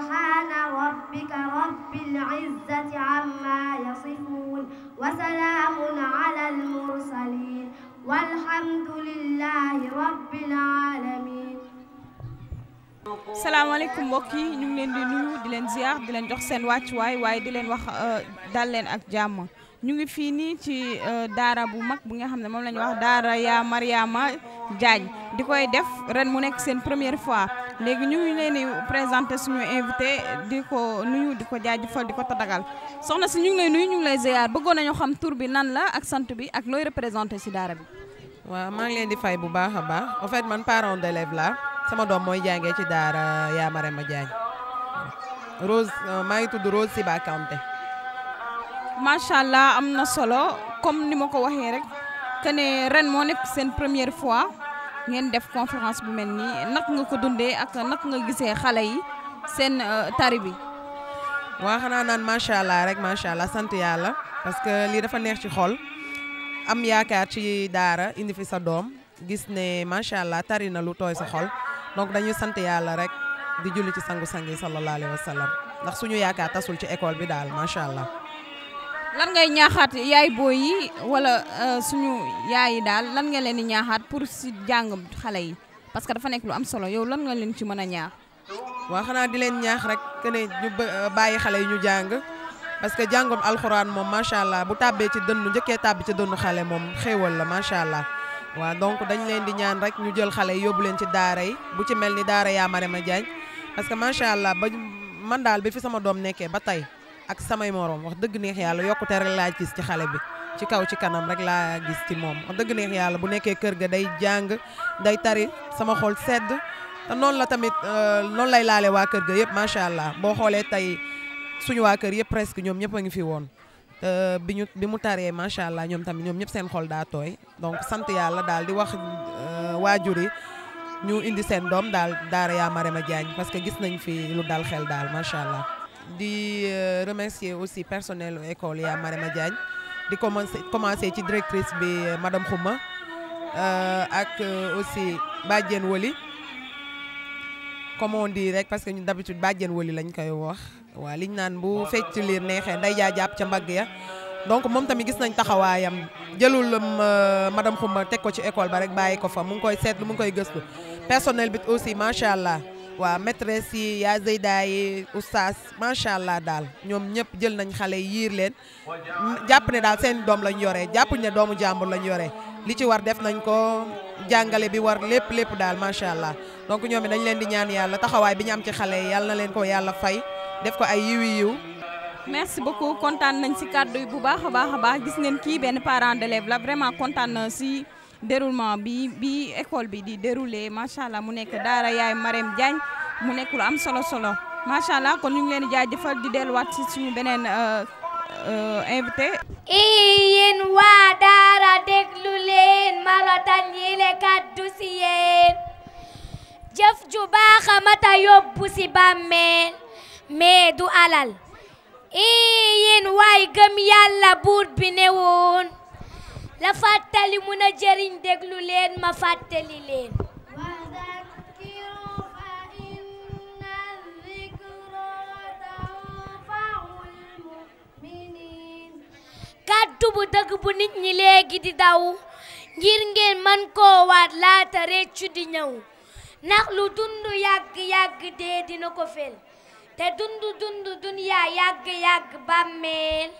سبحان ربك رب العزة عما يصفون وسلام على المرسلين والحمد لله رب العالمين السلام عليكم موكي نيغي لن دي نويو دي لن زيار دي لن جوخ سين واتي واي واي دي لن واخ دال لن اك جام نيغي في ني تي دارا بو ماك بوغا خا خني موم لا نيو واخ دارا يا مريم Diagne di koy def ren mu nekk seen première fois léegi ñu ngi leen di présenter suñu invité di ko ñu di ko jaaj jaajëfal di ko tadagal soxna si ñu ngi lay nuyu ñu ngi lay ziar bëggoon nañu xam tur bi nan la ak sant bi ak looy représenté si daara bi. waaw maa ngi leen di fay bu baax a baax en fait man parent d'élève la sama doom mooy jàngee ci daara Yaa Marema Diagne Rose euh, maa ngi tudd Rose Siba Kanté. macha allah am na solo comme ni ma ko waxee rek te ne ren moo nekk seen première fois. ngeen def conférence bu mel nii nak nga ko dundee ak nak nga gisee xale yi seen euh, tari bi. waa xanaa naan macha allah rek macha allah sant yàlla parce que lii dafa neex ci xol am yaakaar ci daara indi fi sa doom gis ne macha allah tari na lu tooy sa xol donc dañuy sant yàlla rek di julli ci sangu-sang yi sallallahu alayhi wa sallam ndax suñu yaakaar tasul ci école bi daal macha allah. lan ngay ñaaxaat yaay booy yi wala euh, suñu yaay yi daal lan nga leen di ñaaxaat pour si jàng xale yi parce que dafa nekk lu am solo yow lan nga leen ci mën a ñaax. waa xanaa di leen ñaax rek que ne ñu euh, bàyyi xale yi ñu jàng parce que jàngum alxuraan moom macha allah bu tàbbee ci dënnu njëkkee tàbbi ca dënnu xale moom xéewal la macha allah. waaw donc dañ leen di ñaan rek ñu jël xale yi yóbbu leen ci daara yi bu ci mel ni daara yaa Marème Diagne parce que macha allah ba man daal bi fi sama doom nekkee ba tey. ak samay morom wax dëgg neex yàlla yokkute rek laa gis ci xale bi ci kaw ci kanam rek laa gis ci moom wax dëgg neex yàlla bu nekkee kër ga day jàng day tari sama xol sedd te noonu la tamit euh, noonu lay laalee waa kër ga yëpp macha allah boo xoolee tey suñu waa kër yëpp presque ñoom ñëpp a ngi fi woon bi ñu bi mu taree macha allah ñoom tamit ñoom ñëpp seen xol daa tooy donc sant yàlla daal di wax euh, waajur yi ñu indi seen doom daal daara yaa Marème Diagne parce que gis nañ fi lu daal macha allah. di euh, remercier aussi personnel école à Marema Diagne di commencer commencer ci directrice bi euh, madame Khouma euh, ak aussi Badjen Woli comme on dit rek parce que ñun d'habitude Badjen Woli lañ koy wax wa liñ naan bu fecc liir nexé nday jaa jàpp ca mbagg ya donc mom tamit gis nañ taxawayam jëlul madame Khouma tek ko ci école ba rek bayiko fa mu ngi koy seetlu mu ngi koy gëstu personnel bi aussi machallah waa maîtresse yi yaa Zeyda yi oustaz allah daal ñoom ñëpp jël nañ xale yiir leen jàpp ne daal seen doom lañ yore jàpp ne doomu jàmbur lañ yore li ci war def nañ ko jàngale bi war lépp lépp daal macha allah donc ñoom yi dañ leen di ñaan yàlla taxawaay bi ñu am ci xale yàlla na leen ko yàlla fay def ko ay yiwi yiw merci beaucoup kontaan nañ si kàddu yi bu baax a baax a baax gis ngeen kii benn parent d'élève la vraiment kontaan na si. déroulement bi bi école bi di déroulé macha allah mu nekk daara yaay Marème Diagne mu nekk am solo solo macha allah kon ñu leen di jëfal di delluwaat si suñu beneen euh, euh, invité. yéen waa daara déglu leen marotan yi le kaddu si yéen jëf ju baax yóbbu si bàmmeel mais du alal. yéen waay gëm yàlla buur bi newoon. la fàttali mun a jëriñ déglu leen ma fàttali leen kàddu bu dëgg bu nit ñi léegi di daw ngir ngeen man koo waat laata réccu di ñëw ndax lu dund yàgg-yàgg dee dina ko fel te dund dund duniyaa yàgg-yàgg bàmmeel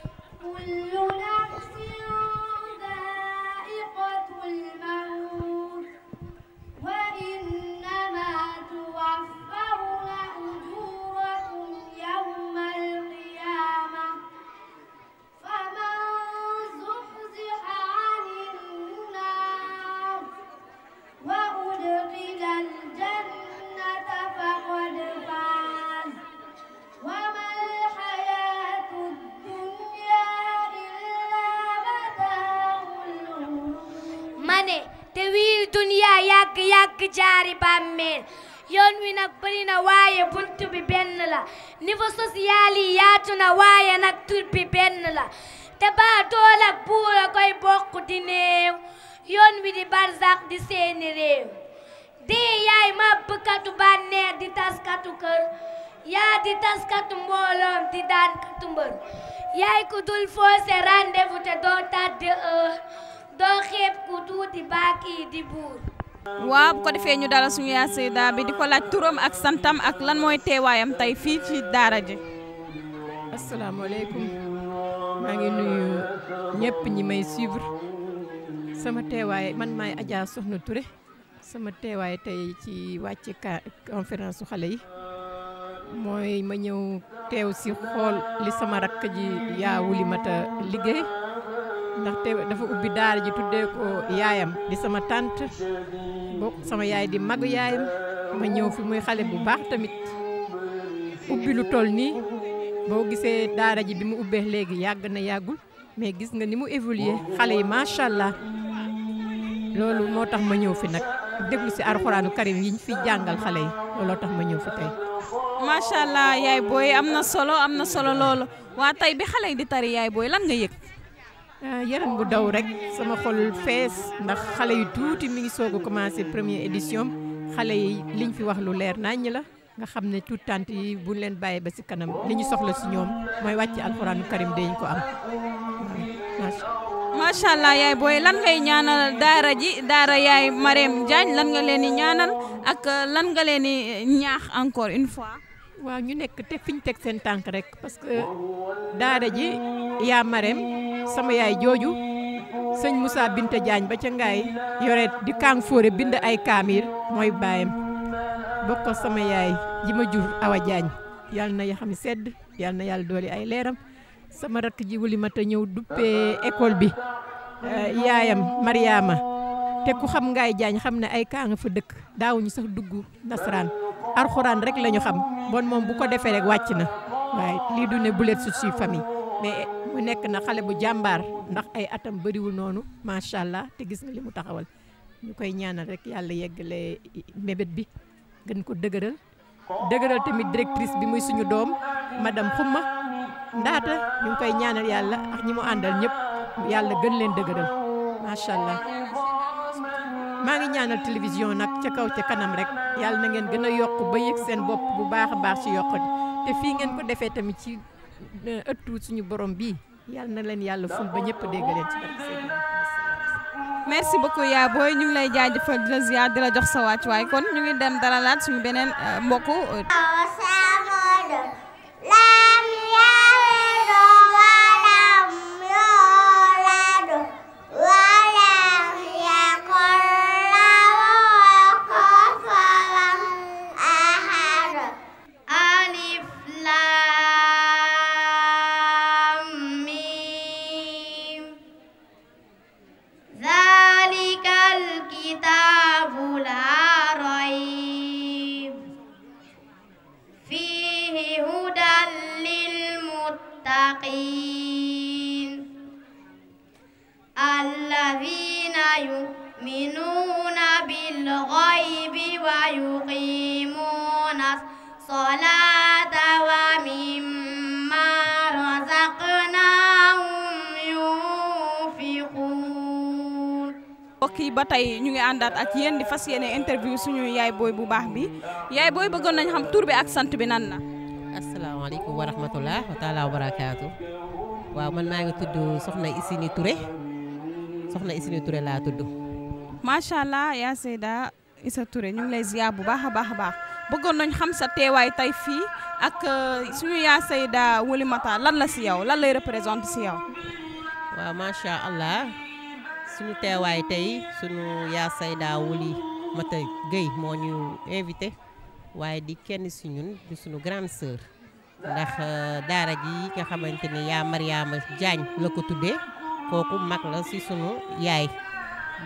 yàgg-yàgg jaari bàmmeel yoon wi nag bëri waaye bunt bi benn la niveau social yi yaatu na waaye nag tur bi benn la te baa ak buur a koy bokk di néew yoon wi di barzax di seeni réew dee yaay màbbkatu bànneex di taskatu kër yaa di taskatu mbooloom di daan katu mbër yaay ku dul foose rendez te doo tàdde heure doo xeeb tuuti baak yi di buur waaw bu ko defee ñu dalal suñu yaay Seyda bi di ko laaj turam ak santam ak lan mooy teewaayam tey fii ci daara ji. asalaamaaleykum maa ngi nuyu ñëpp ñi may suivre sama teewaay man maay Adja Soxna ture sama teewaay tey ci wàcc conférence su xale yi mooy ma ñëw teew si xool li sama rakk ji yaa wuli mata liggéey. ndax te dafa ubbi daara ji tuddee ko yaayam di sama tànt bokk sama yaay di magu yaayam ma ñëw fi muy xale bu baax tamit ubbi lu toll nii boo gisee daara ji bi mu ubbee léegi yàgg na yàggul mais gis nga ni mu évoluer xale yi macha allah loolu moo tax ma ñëw fi nag déglu si arxuraanu karim yi ñu fi jàngal xale yi looloo tax ma ñëw fi tey. macha allah yaay booy am na solo am na solo loolu waa tey bi xale yi di tari yaay booy lan nga yëg. Euh, yaram bu daw rek sama xol fees ndax xale yi tuuti mi ngi soog a commencé première édition xale yi li ñu fi wax lu leer nàññi la nga xam ne tuut tànt yi buñ leen bàyyi ba si kanam li ñu soxla si ñoom mooy wàcc alxuraanu karim dañ ko am macha allah yaay booy lan ngay ñaanal daara ji daara yaay Marème Diagne lan nga leen di ñaanal ak lan nga leen di ñaax encore une fois waaw ñu nekk te fi ñu teg seen tànk rek parce que daara ji yaa marem sama yaay jooju sëñ Moussa Binta jaañ ba ca ngaay yore di kàng fóore bind ay kaamir mooy baayam bokk sama yaay ji ma jur Awa Diagne yàlla na yaxam sedd yàlla na yàlla dooli ay leeram sama rakk ji wuli ma ñëw duppee école bi eh, yaayam Mariama te ku xam ngaay Diagne xam ne ay kaa nga fa dëkk daawuñu sax dugg nasaraan arxuraan rek la ñu xam bon moom bu ko defee rek wàcc na waaye lii du ne bulet su suy famille mais mu nekk na xale bu jàmbaar ndax ay atam bëriwul noonu macha allah te gis nga li mu taxawal ñu koy ñaanal rek yàlla yeggale mébét bi gën ko dëgëral dëgëral tamit directrice bi muy suñu doom madame Xumma ndaata ñu ngi koy ñaanal yàlla ñu mu àndal ñëpp yàlla gën leen dëgëral macha allah. maa ngi ñaanal télévision nag ca kaw ca kanam rek yàlla na ngeen gën a yokk ba yëg seen bopp bu baax a baax ci yokk te fii ngeen ko defee tamit ci euh, ëttu suñu borom bii yàlla na leen yàlla ful ba ñëpp dégg leen ci merci beaucoup yaa booy ñu lay jaajëfal di la ziar di la jox sa wàccuwaay kon ñu ngi dem dalalaat suñu beneen euh, mbokk euh, المتقين الذين يؤمنون بالغيب ويقيمون الصلاة ومما رزقناهم ينفقون mbokk yi ba tey ñu ngi àndaat ak yenn di fas yéene interview suñu yaay booy bu baax bi yaay booy bëggoon nañ xam tur bi ak sant bi nan na asalaamaaleykum wa rahmatulah wa taalaa wa waaw man maa ngi tudd soxna Isini Touré soxna Isini Touré laa tudd. macha allah yaa Seyda Issa Touré ñu ngi lay ziar bu baax a baax a baax bëggoon nañu xam sa teewaay tey fii ak euh, suñu yaa Seyda Woulimata lan la si yow lan lay représenté si yow. waaw macha allah suñu teewaay tey suñu yaa Seyda Woulimata Gueye moo ñu invité waaye di kenn si ñun di suñu grand sœur. ndax euh, daara ji nga xamante ni yaa Mariama Diagne la ko tuddee kooku mag la si suñu yaay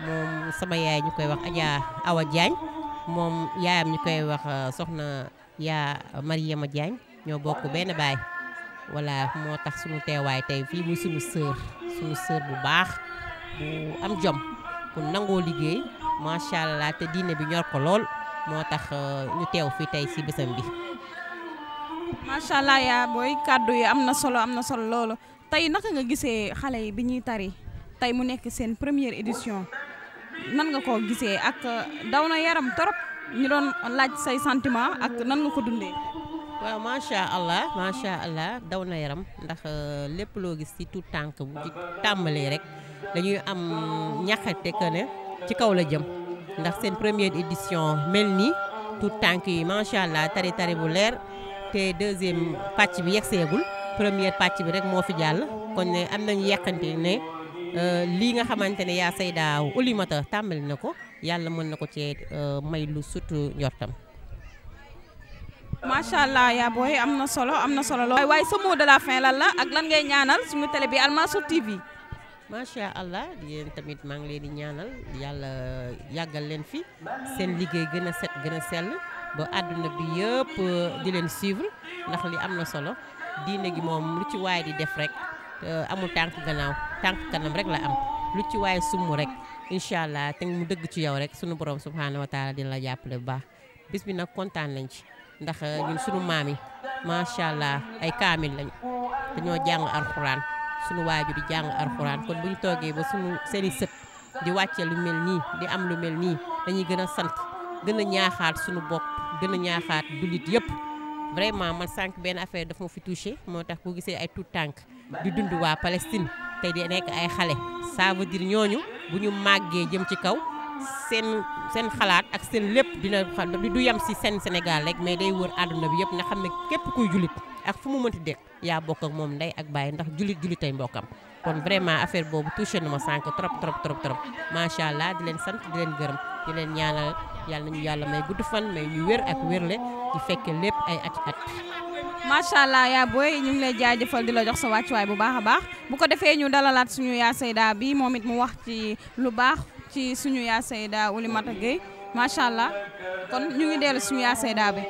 moom sama yaay ñu koy wax Adja Awa Diagne moom yaayam ñu koy wax euh, soxna yaa Mariama Diagne ñoo bokk benn baay voilà moo tax suñu teewaay tey fii muy sunu sœur sunu sœur bu baax bu am jom ku nangoo liggéey macha allah te diine bi ñor ko lool moo tax euh, ñu teew fii tey si bisam bi. macha allah yaa booy kàddu yi am na solo am na solo loolu tey naka nga gisee xale yi bi ñuy tari tey mu nekk seen première édition nan nga ko gisee ak euh, daw na yaram torop ñu doon laaj say sentiment ak nan nga ko dundee. waaw macha allah macha allah daw na yaram ndax euh, lépp loo gis ci tout tànk bu ci tàmbalee rek dañuy am ñaxate que ne ci kaw la jëm ndax seen première édition mel nii tout tànk yi macha allah tari tari bu leer. te deuxième pàcc bi yegg seegul première pàcc bi rek moo fi jàll kon ne am nañu yàqante ne euh, lii nga xamante ne yaa say daaw ulimata tàmbali na ko yàlla mën na ko cee euh, may lu surtout njortam. macha allah yaa booy am na solo am na solo lool. waaye sa mot de la fin lan la ak lan ngay ñaanal suñu télé bi Al TV. macha allah yéen tamit maa ngi leen di ñaanal yàlla yàggal leen fi seen liggéey gën a set gën a sell ba àdduna bi yëpp euh, di leen suivre ndax li am na solo diine gi moom lu ci waaye di def rek euh, amul tànk gannaaw tànk kanam rek la am lu ci waay summ rek incha allah te mu dëgg ci yow rek suñu borom subhaanahu wa taala dina la jàppale bu baax bis bi nag kontaan nañ ci ndax euh, ñun maam yi macha allah ay kaamil lañu dañoo jàng alxuraan. suñu waajur di jàng alxuraan kon bu ñu toogee ba suñu seen sët di wàcce lu mel nii di am lu mel nii dañuy gën a sant gën ñaaxaat suñu bopp gën a ñaaxaat dulit yëpp vraiment man sànq benn affaire daf ma fi touché moo tax boo gisee ay tout tànk di dund waa Palestine te di nekk ay xale ça veut ñooñu bu ñu màggee jëm ci kaw seen seen xalaat ak seen lépp dina xam du yem si seen Sénégal rek mais day wër àdduna bi yëpp nga xam ne képp kuy julit ak fu mu mënti dégg yaa bokk ak moom ndey ak bàyyi ndax julit julitay mbokkam kon vraiment affaire boobu touché na ma sànq trop trop trop trop allah di leen sant di leen gërëm di leen ñaanal yàlla nañu yàlla may gudd fan may ñu wér ak wérle di fekke lépp ay at at. macha allah yaa booy ñu ngi lay jaajëfal di la jox sa wàccuwaay bu baax a baax bu ko defee ñu dalalaat suñu bi moom it mu wax ci ci suñu yaa Seyda Oulimata Gueye macha allah kon ñu ngi dellu suñu yaa Seyda bi